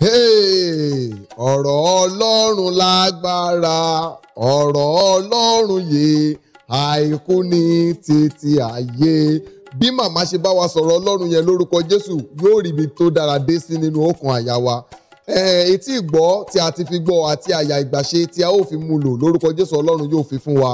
ọ̀rọ̀ ọlọ́run lágbára ọ̀rọ̀ ọlọ́run yìí àìkú ní títí ayé bí màmá ṣe bá wa sọ̀rọ̀ ọlọ́run yẹn lórúkọ jésù yóò rí ibi tó dára dé sí nínú ọkàn àyà wa etí ìgbọ́ tí a ti fi gbọ́ àti àyà ìgbàṣe tí a ó fi mú lò lórúkọ jésù ọlọ́run yóò fi fún wa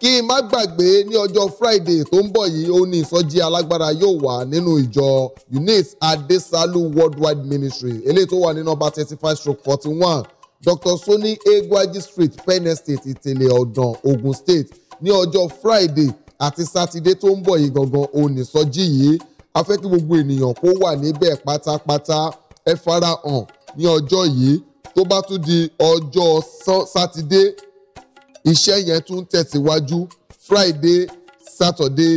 kí n má gbàgbé ní ọjọ́ Friday tó ń bọ̀ yìí ó ní ìsọjí alágbára yóò wà nínú ìjọ Eunice Adesalu Worldwide Ministry eléyìí tó wà ní nọ́mbà thirty five stroke forty one Dr. Soni Egwaji Street Penn State Ìtẹ̀lẹ̀ Ọ̀dàn Ogun State ní ọjọ́ Friday àti sátidé tó ń bọ̀ yìí gangan ó ní ìsọjí yìí a fẹ́ kí gbogbo ènìyàn kó wà níbẹ̀ pátápátá ẹ farahàn ní ọjọ́ yìí tó bá tún di ọjọ́ sátidé iṣẹ́ yẹn tún tẹ̀síwájú Friday Saturday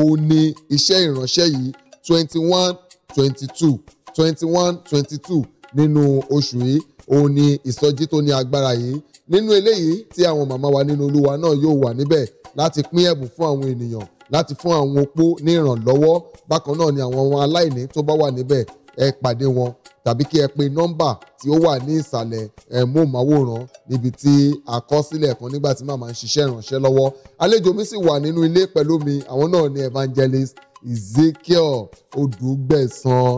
òun ni iṣẹ́ ìránṣẹ́ yìí twenty one twenty two twenty one twenty two nínú oṣù yìí òun ni ìsọjí tó ní agbára yìí nínú eléyìí tí àwọn màmá wa nínú Olúwa náà yóò wà níbẹ̀ láti pín ẹ̀bùn fún àwọn ènìyàn láti fún àwọn opó ní ìrànlọ́wọ́ bákan náà ni àwọn aláìní tó bá wà níbẹ̀ ẹ pàdé wọn tàbí kí ẹ pe nọ́mbà tí ó wà ní ìsàlẹ̀ ẹ móhùnmáwòrán níbi tí àkọsílẹ̀ kan nígbà tí màmá ń ṣiṣẹ́ ìrànṣẹ́ lọ́wọ́ àlejò mi sì wà nínú ilé pẹ̀lú mi àwọn náà ni evangelist Ezekiel Odùgbẹ̀sán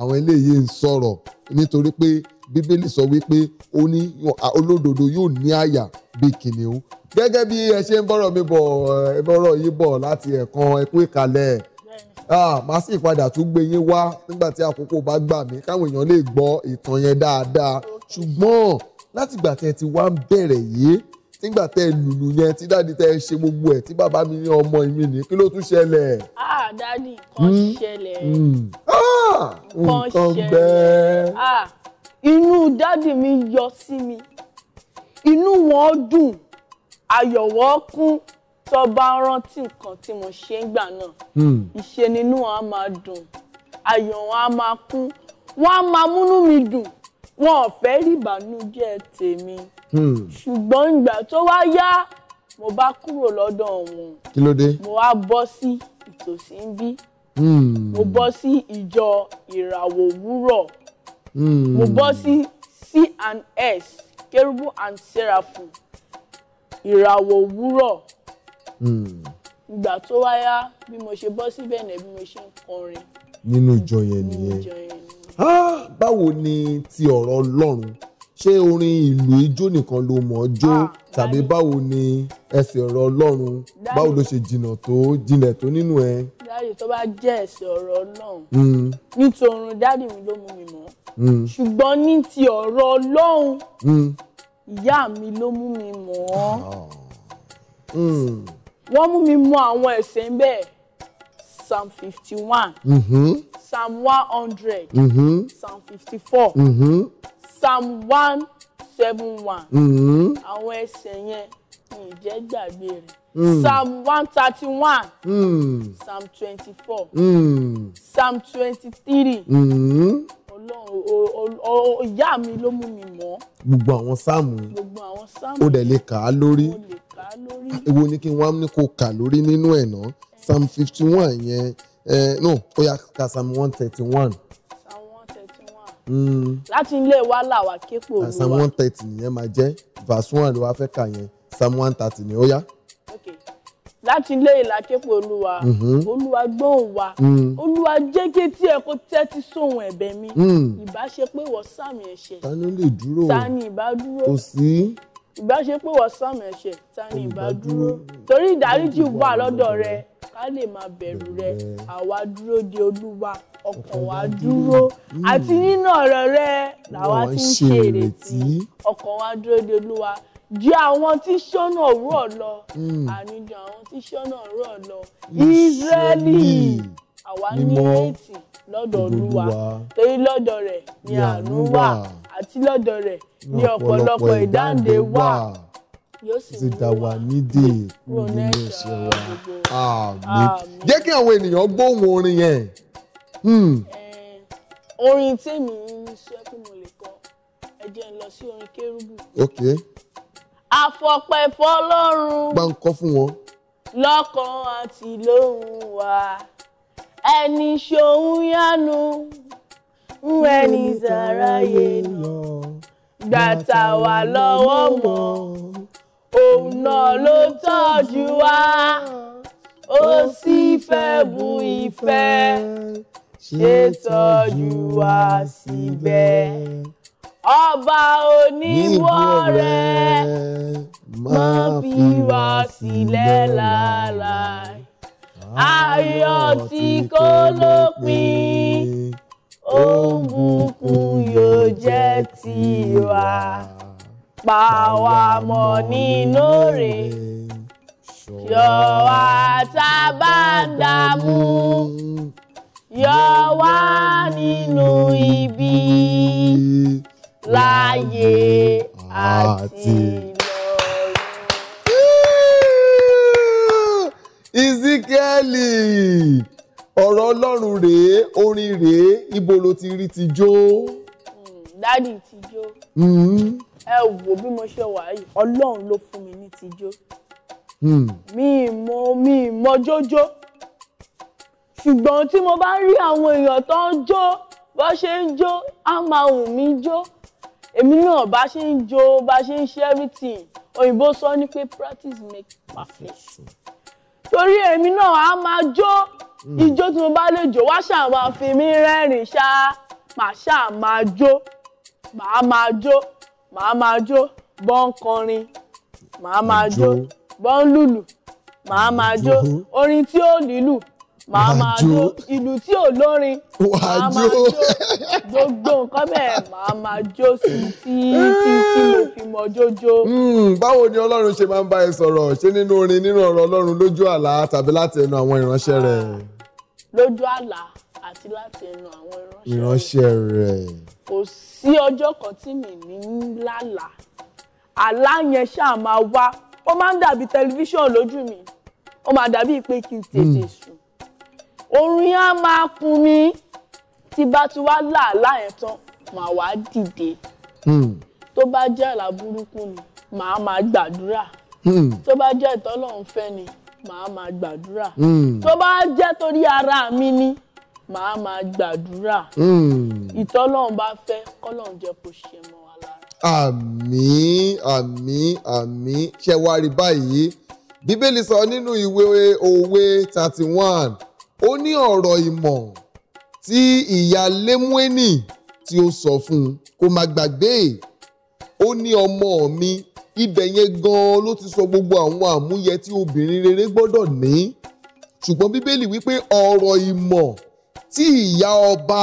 àwọn eléyìí ń sọ̀rọ̀ nítorí pé bíbélì sọ wípé olódodo yóò ní àyà bíi kìnìún gẹ́gẹ́ bí ẹ ṣe ń bọ́rọ̀ mi bọ̀ ẹ bọ́rọ̀ yìí bọ̀ láti ẹ̀kan ẹ kú ìkàlẹ̀ màá sì padà tún gbé yín wá nígbà tí àkókò bá gbà mí káwọn èèyàn lè gbọ́ ìtàn yẹn dáadáa ṣùgbọ́n látìgbà tẹ́ ti wá ń bẹ̀rẹ̀ yìí nígbà tẹ́ lùlù yẹn tí dáàdi tẹ́ ṣe gbogbo ẹ̀ tí bàbá mi ní ọmọ mi ní kí ló tún ṣẹlẹ̀. ah dáàdi kan hmm? ṣẹlẹ̀. Hmm. nǹkan bẹ́ẹ̀. inú dáàdi mi yọ sí mi inú wọn dùn ayọ̀ wọn kún tó bá rántí nǹkan tí mo ṣe ń gbà náà hmm. ìṣe nínú wọn á máa dùn ayọ̀ wọn á máa kún wọn á máa múnú mi dùn wọn ò fẹ́ rí ìbànújẹ́ tèmi hmm. ṣùgbọ́n ìgbà tó wá yá mo bá kúrò lọ́dọ̀ wọn mo wá bọ́ sí ìtòsí ń bí hmm. mo bọ́ sí ìjọ ìràwọ̀ òwúrọ̀ mo bọ́ sí C and S Kerubu and Seraphim ìràwọ̀ òwúrọ̀ ìgbà tó wáyá bí mo ṣe bọ́ síbẹ̀ náà bí mo ṣe ń kọrin. nínú ìjọ yẹn nìyẹn báwo ni ti ọ̀rọ̀ ọlọ́run ṣé orin ìlú ijó nìkan ló mọ̀ ọ́ jó ah, tàbí báwo ni ẹsẹ̀ ọ̀rọ̀ ọlọ́run báwo ló ṣe jìnnà tó jìnnà tó nínú ẹ. dáàdì tó bá jẹ́ ẹsẹ̀ ọ̀rọ̀ ọlọ́run hmm. nítorí dáàdì mi ló mú mi mọ̀ hmm. ṣùgbọ́n ní ti ọ̀rọ̀ ọlọ́run hmm. ìyá mi ló mú mi mọ̀ ọ́. Ah wọ́n mú mi mọ àwọn ẹ̀sẹ̀ ń bẹ́ẹ̀ psalm fifty one mm-hmm. psalm one hundred mm-hmm. psalm fifty four mm-hmm. psalm one seven one àwọn ẹ̀sẹ̀ yẹn mi gbàgbé rẹ̀ mm. psalm one thirty one mm. psalm twenty four mm. psalm twenty three ọlọ́run ìyá mi ló mú mi mọ̀. gbogbo àwọn sáàmù gbogbo àwọn sáàmù ó dẹ̀ lè kà á lórí lórí. Ah, èwo ni kí wọ́n ní kó kà lórí nínú ẹ̀ náà psalm fifty one yẹn ẹ no ó yá ka psalm one thirty one. psalm one thirty one. Mm. láti ilé wa làwà képò olúwa. Ah, psalm one thirty nìyẹn máa jẹ́ verse one ló wá fẹ́ kà yẹn psalm one thirty ni ó yá. okay láti ilé ìlà képò olúwa mhm. olúwa gbóhùn wa mm. olúwa jẹ́ kí etí ẹ kó tẹ́tí sóhun ẹ̀bẹ̀ mi mm. ìbá ṣe pé ìwọ sàmì ẹ̀ṣẹ̀ ta ni ó lè dúró ta ni ìbá dúró kò sí ìgbà ṣe pé wọ́n sàmì ẹ̀ṣẹ̀ ta ni ìbá dúró torí ìdáríjì wà lọ́dọ̀ rẹ ká lè máa bẹ̀rù rẹ àwa dúró de olúwa ọkàn wa dúró àti nínú ọ̀rọ̀ rẹ làwa ti ń ṣe ìrètí ọkàn wa dúró de olúwa jẹ́ àwọn tí ṣọ́nà òwúrọ̀ lọ àníjọ hmm. àwọn tí ṣọ́nà òwúrọ̀ lọ Ísírẹ́lì àwa ní ètì lọ́dọ̀ olúwa torí lọ́dọ̀ rẹ̀ ni àánú wà àti lọ́dọ̀ rẹ̀ ni ọ̀pọ̀lọpọ̀ ìdáǹdè wà yóò sì dá wa nídìí kúrò nínú ẹ̀ṣẹ̀ wa àmín jẹ́ kí àwọn ènìyàn gbóhùn orin yẹn. Hmm. orin tèmi ń ṣe kí mo lè kọ ẹ jẹ́ lọ sí orin kérúbù. okay. àfọpẹ́ fọ́lọ́run. gbà ń kọ́ fún wọn. lọ́kàn àti lóhùn wa ẹni ṣòun yánu ń ẹni sàráyé lọ gbàtà wà lọ́wọ́ mọ́ òun náà ló tọ́jú wa ó sì fẹ́ bu ìfẹ́ ṣe tọ́jú wa síbẹ̀ ọba oníwọ̀rẹ́ má fi wá sílẹ̀ láàlá ayọ̀ tí kò lópin. pa wá mọ́ nínú rẹ̀ yọ wá tá a bá ń dààmú yọ wá nínú ibi láyé àti lọ́run. ìsíkẹ́lì ọ̀rọ̀ ọlọ́run rèé orin rèé ibo ló ti rí ti jó. Hmm, dádì ti jó. Hmm ẹ wò bí mo ṣe wà yìí ọlọ́run ló fún mi ní tijó hmm. mi mọ mi mọ jójó ṣùgbọ́n tí mo bá rí àwọn èèyàn tó ń jó bó ṣe ń jó á máa wù mí jó èmi náà bá ṣe ń jó bá ṣe ń ṣe everything òyìnbó sọ ní pé practice make perfect torí èmi náà á máa jó hmm. ijó tí mo bá lè jó wá ṣáà máa fi mí rẹ́rìn-ín ṣáá màá ṣáà máa jó màá máa jó màá máa jó bọ́ ń kọrin màá máa jó bọ́ ń lùlù màá máa jó orin tí ó nílù màá máa jó ìlú tí ò lórin màá máa jó gbogbo nǹkan bẹ́ẹ̀ màá máa jó sí tí tí tí mo fi mọ jójó. Hmm, báwo ni ọlọ́run ṣe máa ń bá ẹ sọ̀rọ̀ ṣé nínú orin nínú ọ̀rọ̀ ọlọ́run lójú àlá tàbí láti ẹnu àwọn ìránṣẹ́ rẹ̀. lójú àlá àti láti ẹnu àwọn ìránṣẹ́ ìránṣẹ́ rẹ̀. kò sí ọjọ́ kan tí mi ní lálàá àlá yẹn ṣáà máa wá ó máa ń dàbí tẹlifíṣàn lójú mi ó máa dàbí pé kí n tètè hmm. sùn orin á máa kun mi tí bá ti wá làálà yẹn tán màá wá dìde hmm. tó bá jẹ́ àlá burúkú ni màá máa gbàdúrà hmm. tó bá jẹ́ ìtọ́lọ́run fẹ́ ni màá máa gbàdúrà tó bá jẹ́ torí ara mi ni màá máa gbàdúrà hmm. ìtọ́lọ́run bá fẹ́ kọ́lọ́run jẹ́ kó ṣe mọ́ wa lára. àmín àmín àmín ṣe wá rí báyìí bíbélì sọ nínú ìwé òwe thirty one ó ní ọ̀rọ̀ ìmọ̀ tí ìyá lémúẹ́nì tí ó sọ fún un má gbàgbé ó ní ọmọ mi ibẹ̀ yẹn gan-an ló ti sọ gbogbo àwọn àmúyẹ tí obìnrin rere gbọ́dọ̀ ní ṣùgbọ́n bíbélì wípé ọ̀rọ̀ ìmọ̀ tí ìyá ọba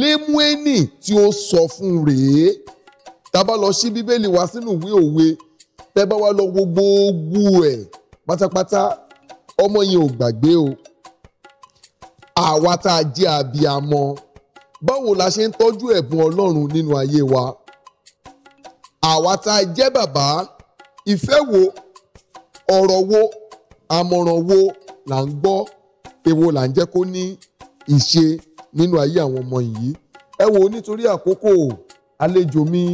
lémúẹ́nì tí ó sọ fún rèé tábà lọ sí bíbélì wá sínú ìwé òwe tẹ́ bá wá lọ wo gbogbo ẹ̀ pátápátá ọmọ yẹn ò gbàgbé o àwa tá a jẹ́ abiyamọ báwo la ṣe ń tọ́jú ẹ̀bùn ọlọ́run nínú ayé wa àwa tá a jẹ́ bàbá ìfẹ́ wo ọ̀rọ̀ wo àmọ̀ràn wo là ń gbọ́ èwo là ń jẹ́ kó ní ìṣe nínú ayé àwọn ọmọ yìí ẹ wo nítorí àkókò àlejò mi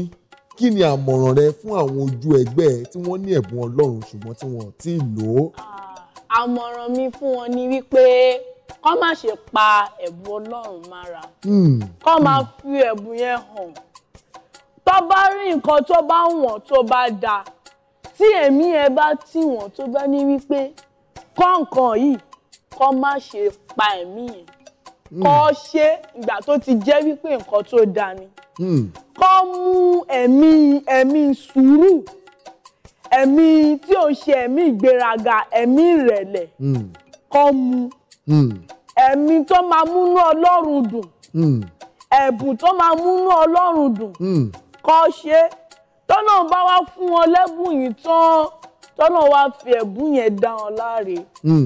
kí ni àmọ̀ràn rẹ fún àwọn ojú ẹgbẹ́ tí wọ́n ní ẹ̀bùn ọlọ́run ṣùgbọ́n tí wọ́n ti lò ó. Ah, àmọ̀ràn mi fún wọn ni wípé kọ́ má ṣe pa ẹ̀bùn ọlọ́run mára hmm, kọ́ máa hmm. fi ẹ̀bùn yẹn hàn tó bá rí nǹkan tó bá wọ̀n tó bá dáa tí ẹ̀mí ẹ bá tì wọ́n tó bá ní wípé kọ́ nǹkan yìí kọ́ má ṣe pa ẹ̀mí yẹn Hmm. kọ́ ṣe ìgbà tó ti jẹ́ wípé nǹkan tó dáa ni hmm. kọ́ mú ẹ̀mí ẹ̀mí sùúrù ẹ̀mí tí ò ń ṣe ẹ̀mí ìgbéraga ẹ̀mí ìrẹ̀lẹ̀ hmm. kọ́ mú ẹ̀mí tó máa múnú ọlọ́run dùn ẹ̀bùn tó máa múnú ọlọ́run dùn kọ́ ṣe tọ́nà bá wá fún wọn lẹ́bùn yìí tán tọ́nà wá fi ẹ̀bùn yẹn dá wọn láre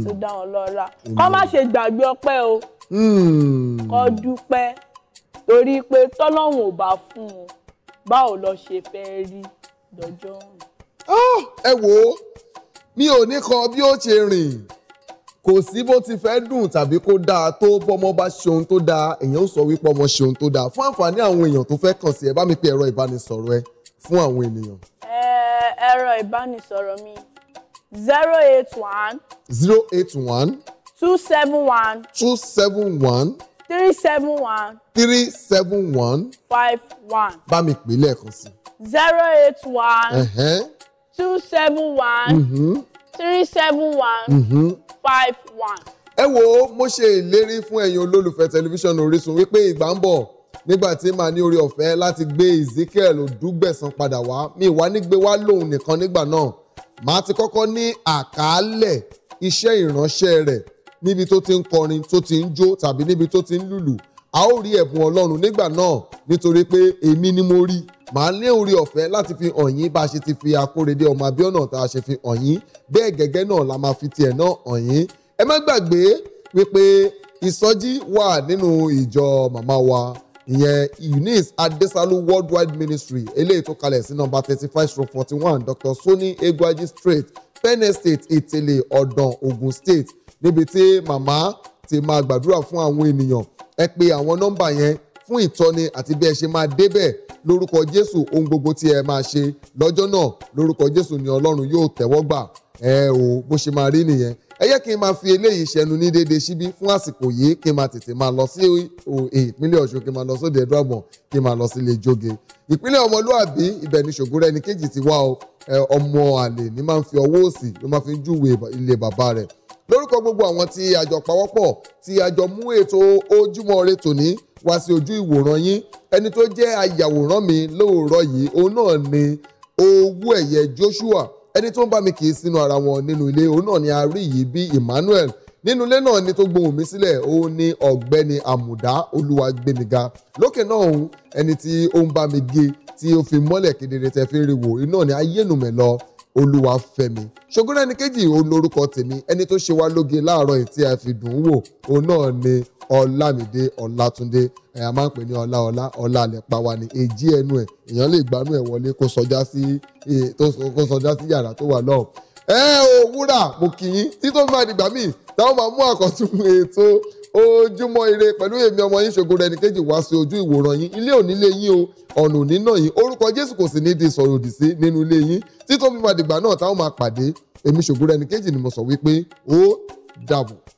tó dá wọn lọ́lá kọ́ má ṣe gbàgbé ọpẹ́ o. Hmm. kó dúpẹ́ torí pé tọ́lọ́run ò bá fún un báwo lọ ṣe fẹ́ rí lọ́jọ́ ọ̀hún. Ah, ẹ wo mi ò ní kọ bí ó ṣe rìn kò sí bó ti fẹ́ dùn tàbí kó dáa tó bọ́mọ bá ṣe ohun tó dáa èèyàn ó sọ wípé ọmọ ṣe ohun tó dáa fún àǹfààní àwọn èèyàn tó fẹ́ kàn sí ẹ bá mi pe ẹ̀rọ ìbánisọ̀rọ̀ ẹ fún àwọn ènìyàn. ẹ̀rọ ìbánisọ̀rọ̀ mi zero eight one. zero eight one two seven one. two seven one. three seven one. three seven one. five one. bá mi pè lẹ́ẹ̀kan sí. zero eight one. two seven one. Mm-hmm. three seven one. Mm-hmm. five one. ẹ wo mo ṣe ìlérí fún ẹ̀yin olólùfẹ́ tẹlifíṣàn Orísun wípé ìgbà ń bọ̀ nígbà tí màá ní oore ọ̀fẹ́ láti gbé Ezekiel Odúgbẹ̀sán padà wá mi ìwá nígbé wá lòun nìkan nígbà náà màá ti kọ́kọ́ ní àkàálẹ̀ iṣẹ́ ìránṣẹ́ rẹ̀ níbi tó ti ń kọrin tó ti ń jó tàbí níbi tó ti ń lùlù a ó rí ẹ̀bùn ọlọ́run nígbà náà nítorí pé èmi ni mo rí màá ní orí ọ̀fẹ́ láti fi hàn yín bá a ṣe ti fi akóredé ọmọ abíọ́nà tá a ṣe fi hàn yín bẹ́ẹ̀ gẹ́gẹ́ náà la máa fi tiẹ̀ náà hàn yín ẹ má gbàgbé wípé ìsọjí wà nínú ìjọ màmá wa ìyẹn Eunice Adesalu Worldwide Ministry eléyìí tó kalẹ̀ sí nọ́mbà thirty five stroke forty one Dr. Soni Egwaji Street Penn State Ìtẹ̀lẹ̀ Ọ̀dàn Ogun State níbi tí màmá ti máa gbàdúrà fún àwọn ènìyàn ẹ pè àwọn nọ́mbà yẹn fún ìtọ́ni àti bí ẹ ṣe máa débẹ̀ lórúkọ Jésù ohun gbogbo tí ẹ máa ṣe lọ́jọ́ náà lórúkọ Jésù ni Ọlọ́run yóò tẹ́wọ́ gbà ẹ o bó ṣe máa rí nìyẹn ẹ yẹ kí n máa fi eléyìí ṣẹnu ní déédéé síbí fún àsìkò yìí kí n máa tètè máa lọ sí ìpínlẹ̀ Ọ̀ṣun kí n máa lọ sóde ẹ̀dọ́ àgbọ̀n kí n máa lọ sílé jóge ìpínlẹ̀ ọmọlúàbí ibẹ̀ ni ṣògùrẹ́ ẹnìkejì ti wá ọmọ àlè ní máa ń fi ọwọ́ òsì ló máa fi júwèé ilé bàbá rẹ̀ lórúkọ gbogbo àwọn tí àjọ pawọ́pọ̀ tí àjọ mú ètò ojúmọ́ ire tòní wá sí ojú ìwòran yín ẹni tó jẹ́ ayàwòrán mi lóòrọ̀ yìí òun náà ni owó ẹ̀yẹ Joshua ẹni tó ń bá mi kì í sínú ara wọn nínú ilé òun náà ni a rí yìí bí Emmanuel nínú ilé náà ni tó gbohùn mi sílẹ̀ òun ni ọ̀gbẹ́ni àmùdá olúwagbémiga lókè náà òun ẹni tí ó ń bá mi gé tí ó fi mọ́lẹ̀ kedere tẹ́ fi ń rí wò iná ni ayélujára lọ olúwafẹ́mi ṣògùnrẹ́ ẹni kejì olórúkọ tèmi ẹni tó ṣe wá lóge láàárọ̀ yìí tí a fi dùn ún wò òun náà ni ọlámídé ọlátúndé ẹ̀yà máa ń pè ní ọlá ọlá ọlá àlẹ́pà wa ní èjì ẹnu ẹ̀ èèyàn lè gbanú ẹ̀ wọlé kó sọjá sí e, yàrá tó wà lọ́hùn. ẹ ò wúrà mo kì í tí máa dìgbà míì táwọn máa mú àkọ́tún ètò ojúmọ́ ire pẹ̀lú èmi ọmọ yín ṣògo rẹ̀ nìkejì wá sí ojú ìwòran yín ilé òní lé yín o ọ̀nà òní náà yín orúkọ jésù kò sì ní di sọ̀rọ̀ òdì sí nínú ilé yín tí tó fi náà táwọn máa pàdé èmi ṣògo rẹ̀ nìkejì ni mo sọ wípé ó dàbọ̀.